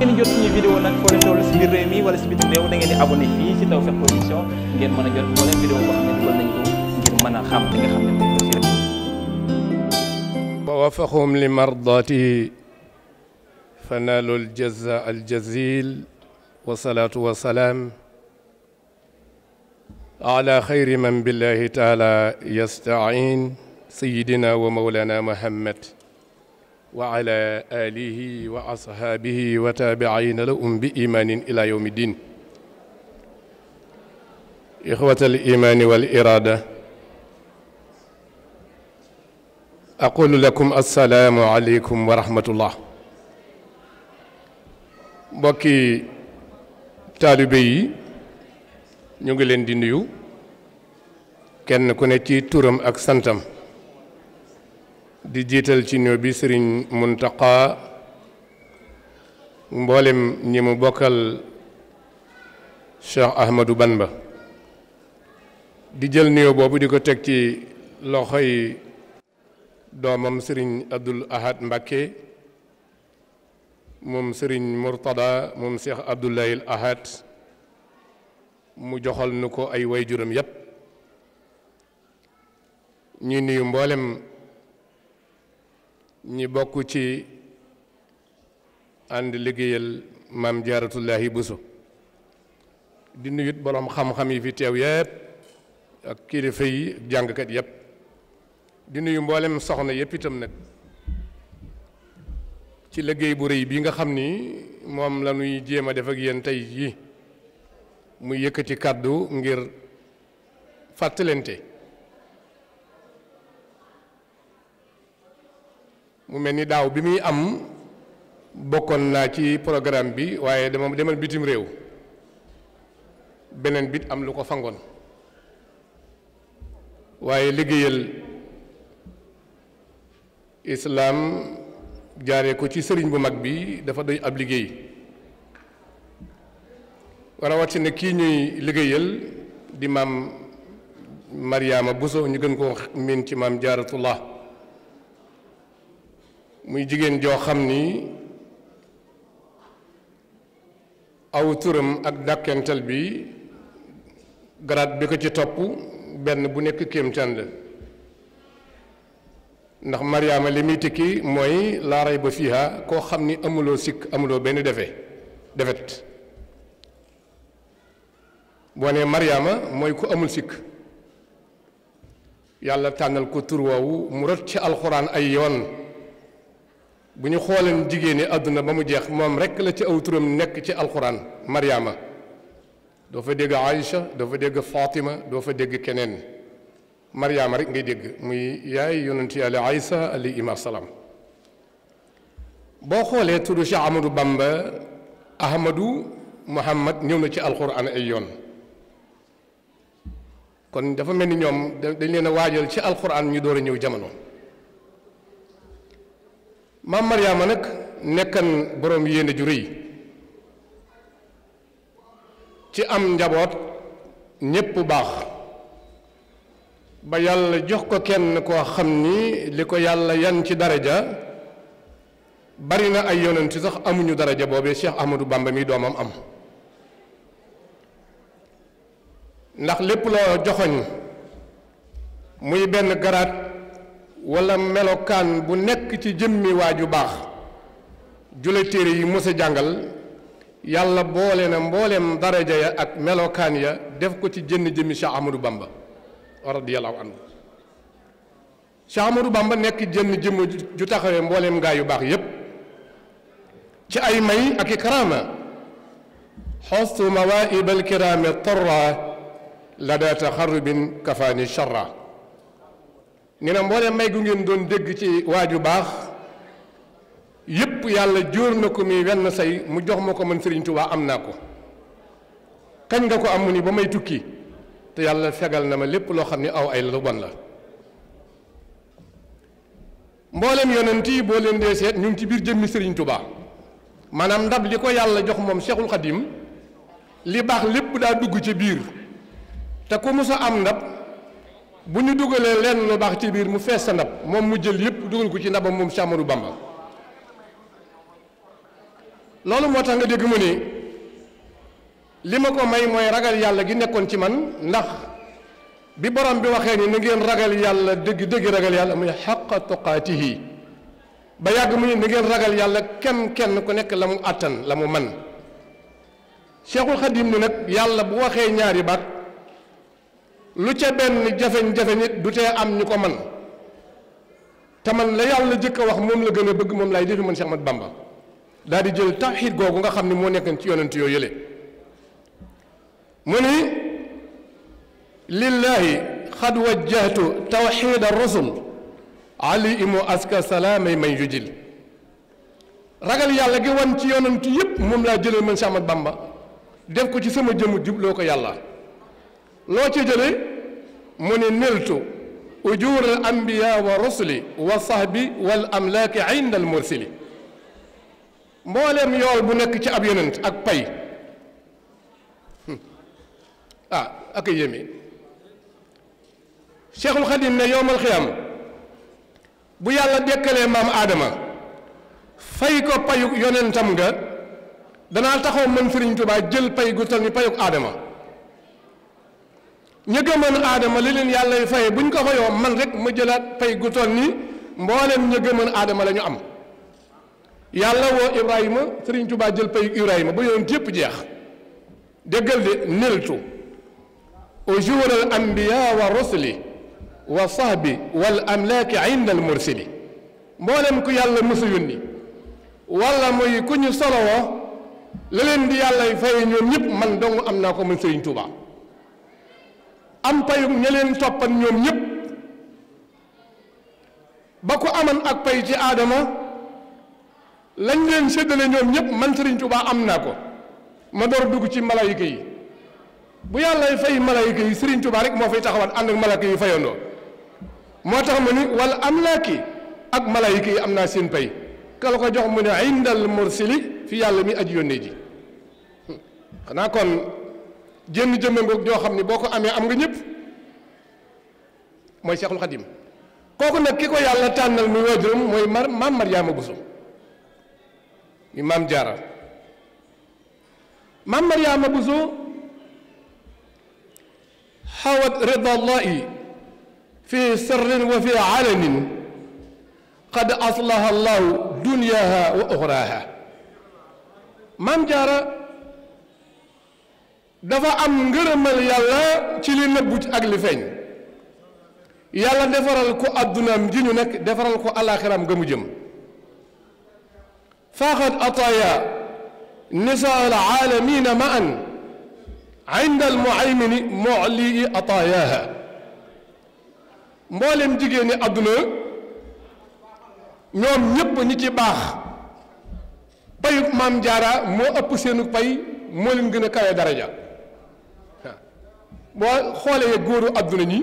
ngeen jot suñu vidéo nag foo leen toll si biir réew mi wala si biir réew da ngeen di abonné fii si Tawfekh Production ngeen mën a jot moo leen vidéo boo xam ne dugal nañ ko ngir mën a xam li nga xam ne moom la rek. wa waffaqhum li mardatihi fa naalu al-jazaa al-jaziil wa salaatu wa salaam ala xayri man billahi taala yastain sayidina wa mawlana muhammad wa ala alihi wa ashaabihi wa taabiina lahum bi imaanin ila yawmi diin ixwat al imaani wal iraada lakum assalaamu aleykum wa rahmatullah mbokki taalibe yi ñu ngi leen di nuyu kenn ku ne ci turam ak santam di jiital ci néew bi sëriñ Muntaqa mboolem ñi mu bokkal Cheikh Ahmadou Bamba di jël néew boobu di ko teg ci loxoy doomam sëriñ Abdul Ahad Mbakke moom sëriñ Murtada moom Cheikh Abdoulahil Ahad mu joxal nu ko ay way juram yépp ñuy nuyu mboolem ñi bokk ci ànd liggéeyal maam jaaratullahi buso di nuyut boroom xam-xam yi fi teew yépp ak kilifa yi ak jàngkat yépp di nuyu mboolem soxna yépp itam nag ci liggéey bu rëy bi nga xam ni moom la ñuy jéem a def ak yéen tey yi mu yëkkati kàddu ngir fàttalente mu mel ni daaw bi muy am bokkoon naa ci programme bi waaye dama demal bitim réew beneen bit am lu ko fangoon waaye liggéeyal islaam jaare ko ci sëriñ bu mag bi dafa doy ab liggéey rawatina kii ñuy liggéeyal di maam Mariama Bousso ñu gën koo miin ci maam Jaaratullah muy jigéen joo xam ni aw turam ak dàkkental bi garaat bi ko ci topp benn bu nekk kéemtaan la ndax Mariama li muy tekki mooy laa rayba fiiha koo xam ni amuloo sikk amuloo benn defe defet boo nee Mariama mooy ku amul sikk yàlla tànnal ko tur woowu mu ci alxuraan ay yoon bu ñu xooleen jigéen ñi àdduna ba mu jeex moom rek la ci aw turam nekk ci alquran Mariama doo fa dégg Aïcha doo fa dégg Fatima doo fa dégg keneen Mariama rek ngay dégg muy yaay yonent yàlla Isa alayhi salaam boo xoolee turu Cheikh Ahmadou Bamba Ahmadou Muhammad ñëw na ci alquran ay yoon kon dafa mel ni ñoom dañ leen a waajal ci alquran ñu door a ñëw jamono. maam Mariama nag nekkan boroom yéene ju rëy ci am njaboot ñépp baax ba yàlla jox ko kenn koo xam ni li ko yàlla yan ci daraja bari na ay yonent sax amuñu daraja boobee Cheikh Ahmadou Bamba mi doomam am ndax lépp la joxoñ muy benn garaat wala melokaan bu nekk ci jëmmi waa ju baax jule téere yi mës jàngal yàlla boole na mbooleem daraja ya ak melokaan ya def ko ci jënn jëmmi Cheikh Ahmadou Bamba radiyallahu anhu Cheikh nekk jënn jëmm ju taxawee mbooleem gaa yu baax yépp ci ay may ak i karaama xostu mawaib alkiraami tarra lada taxarubin kafaani charra nee na mbooleem may gu ngeen doon dégg ci waaju baax yépp yàlla jóor na ko mi wenn say mu jox ma ko man Sëriñ tubaa am naa ko kañ nga ko am mu ba may tukki te yàlla fegal na ma lépp loo xam ni aw ay lu bon la mboolem yonent yi boo leen dee seet ñu ngi ci biir jëmmi Sëriñ Tuubaa maanaam ndab li ko yàlla jox moom Cheikhul Khadim li baax lépp daa dugg ci biir te ku musa am ndab bu ñu dugalee lenn lu baax ci biir mu fees sa ndab moom mu jël yëpp dugal ko ci ndabam moom Cheikh Ahmadou Bamba loolu moo tax nga dégg mu ni li ma ko may mooy ragal yàlla gi nekkoon ci man ndax bi borom bi waxee ni na ngeen ragal yàlla dégg dégg ragal yàlla muy xaqa toqaatihi ba yàgg mu ni na ngeen ragal yàlla kenn kenn ku nekk la mu àttan la mu man Cheikhul Xadim ni nag yàlla bu waxee ñaari baat lu ca benn jafeñ-jafe nit du tee am ñu ko man te man la yàlla jëkk a wax moom la gën a bëgg moom laay def man Cheikh Ahmad Bamba daal di jël tawxiid googu nga xam ne moo nekkoon ci yonent yoo yële mu ni lillahi xad wajjahtu tawxiid ar-rusul ali imu aska salaamay man yujil ragal yàlla gi wan ci yonent yëpp moom laa jëlee man Cheikh Ahmad Bamba def ko ci sama jëmm jubloo ko yàlla loo ci jëlee mu ni niltu ujur al ambiya wa rusuli wa sahbi ay amlaaki inda al mursili mbooleem yool bu nekk ci ab yonent ak pay hmm. ah ak a yéeme cheikhul xadim ne yowmal xiyam bu yàlla dekkalee maam aadama fay ko payuk yonentam nga danaa taxaw man sëriñ tubaa jël pay gu tal ni payuk aadama ña gëmoon aadama li leen yàlla bu buñ ko fayoo man rek ma jëlaat pay gu toll nii mbooleem ña aadama lañu am yàlla woo Ibrahima Sëriñ Tuubaa jël payu Ibrahima ba yonent yépp jeex déggal de niltu ujuur anbiya wa rusuli wa sahbi wal amlaaki inda mursili mbooleem ku yàlla mësa yónni wala muy ku ñu solowoo leen di yàlla faye ñoom ñëpp man dong am naa ko mën Sëriñ Tuubaa am payug ña leen toppan ñoom ñépp ba ko aman ak pay ci aadama lañ leen séddale ñoom ñépp man Sëriñ Tuubaa am naa ko ma door dugg ci malayka yi bu yàllay fay malayka yi Sëriñ Tuubaa rek moo fay taxawaat ànd ak malayka yi fayandoo moo tax mu ni wala am naa ki ak malayka yi am naa seen pay kala ko jox mu ne indal mursili fi yàlla mi aj yónnee ji xanaa kon jënn jëmma ngoog ñoo xam ne boo ko amee am nga ñëpp mooy Seexul Xadim kooku nag ki ko yàlla tànnal muy waajuram mooy mar maam Maryaama Buso mi maam Jaara maam Maryaama Buso xawat rida allahi fi sirrin wa fi alanin qad aslaha allahu dunyaha wa uxraha maam Jaara dafa am ngërëmal yàlla ci li nëbbu ak li feeñ yàlla defaral ko addunaam ji ñu nekk defaral ko alaxiraam ga mu jëm faaxat ataaya nisaa al aalamina ma an inda al muaymini mulii ataayaha mboolem jigéen ñi ñoom ñépp ñi ci baax payug maam jaara moo ëpp seenu pay moo leen gën a kawe daraja boo xoolee góoru àdduna ñi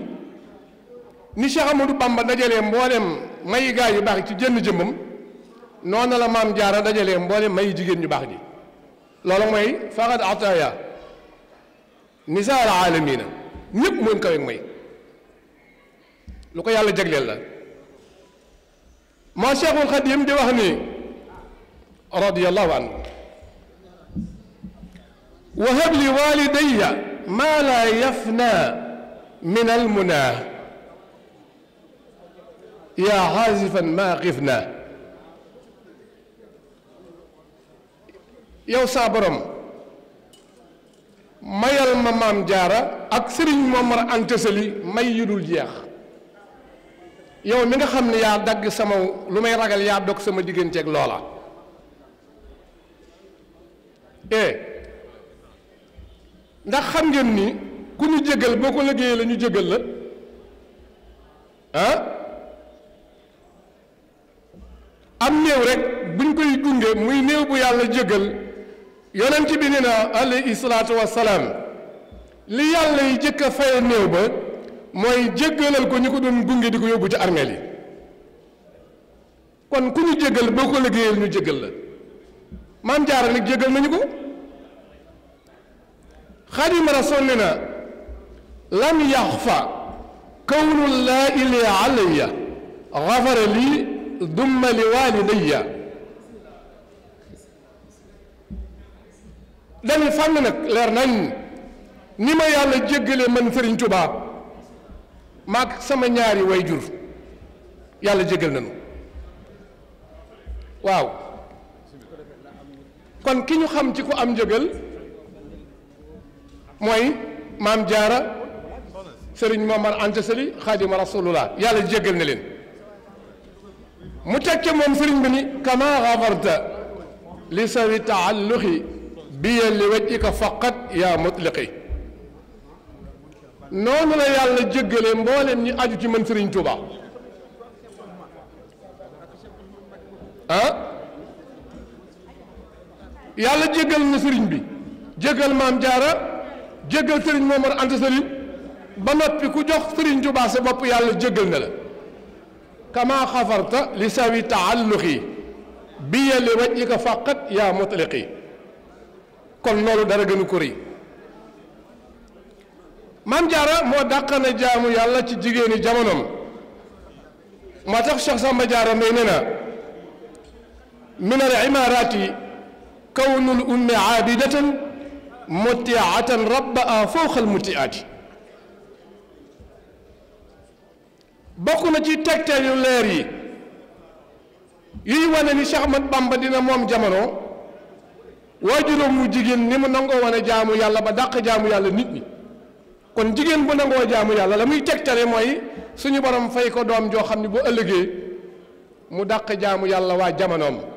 ni Cheikh Amadou Bamba dajalee mboolem mayi gaay yu baax ci jënn jëmmam noonu la maam jaara dajalee mboolem mayi jigéen ñu baax ji loolu mooy faqad ataya nisaal aalamina ñëpp mooy kawe may lu ko yàlla jagleel la moo Cheikhul Xadim di wax ni radiyallahu anhu wa habli walidayya maa laa yafnaa min almunaa yaa xaasifan maa xifnaa yow saa borom mayal ma maam jaara ak sëriñ Momar Anta Sali may yu dul jeex yow mi nga xam ne yaa dagg sama lu may ragal yaa dog sama digganteeg loola eh ndax xam ngeen ni ku ñu jégal boo ko liggéeyee la ñu jégal la ah? am néew rek buñ koy gunge muy néew bu yàlla jégal yonent bi nee na alayhi salaatu wassalaam li yàlla yi jëkk a néew ba mooy jéggalal ko ñu ko doon gunge di ko yóbbu ci armeel yi kon ku ñu jégal boo ko liggéeyee la ñu jégal la maam jaara nag jégal nañu ko xaadima rasul ne na lam yaxfa kawnu laa ili alaya xafara lii dumma li walidayya dañu fànn nag leer nañ ni ma yàlla jéggale man sëriñ tubaa maag sama ñaari way jur yàlla jéggal nañu waaw kon ki ñu xam ci ko am njëgal mooy maam jaara sëriñ Mamar Anta Sali xaadima rasulullah yàlla jéggal na leen mu tekke moom sëriñ bi ni kama xafarta li sawi taalluxi biya li wajhika faqat yaa mutliqi noonu la yàlla jéggale mboolem ñi aju ci man sëriñ Tuuba ah yàlla jéggal na sëriñ bi jéggal maam jaara jéggal sëriñ Momar Anta Sali ba noppi ku jox sëriñ Tuubaa sa bopp yàlla jéggal na la kamaa xafarta li sawi taalluqi bi yelli wajhika faqat yaa mutliqi kon loolu dara gënu ko rëy Maam Jaara moo dàqana jaamu yàlla ci jigéeni jamonoom moo tax Cheikh Samba Jaara Mbay nee na min al imaaraati kawnul ummi aabidatan mutiatan rabba fawqal mutiati bokk na ci tegteel yu leer yi yuy wane ni Cheikh Ahmad Bamba dina moom jamono waajuram wu jigéen ni mu nangoo wane jaamu yàlla ba dàq jaamu yàlla nit ñi kon jigéen bu nangoo jaamu yàlla la muy tegtale mooy suñu borom fay ko doom joo xam ni bu ëllëgee mu dàq jaamu yàlla waa jamonoom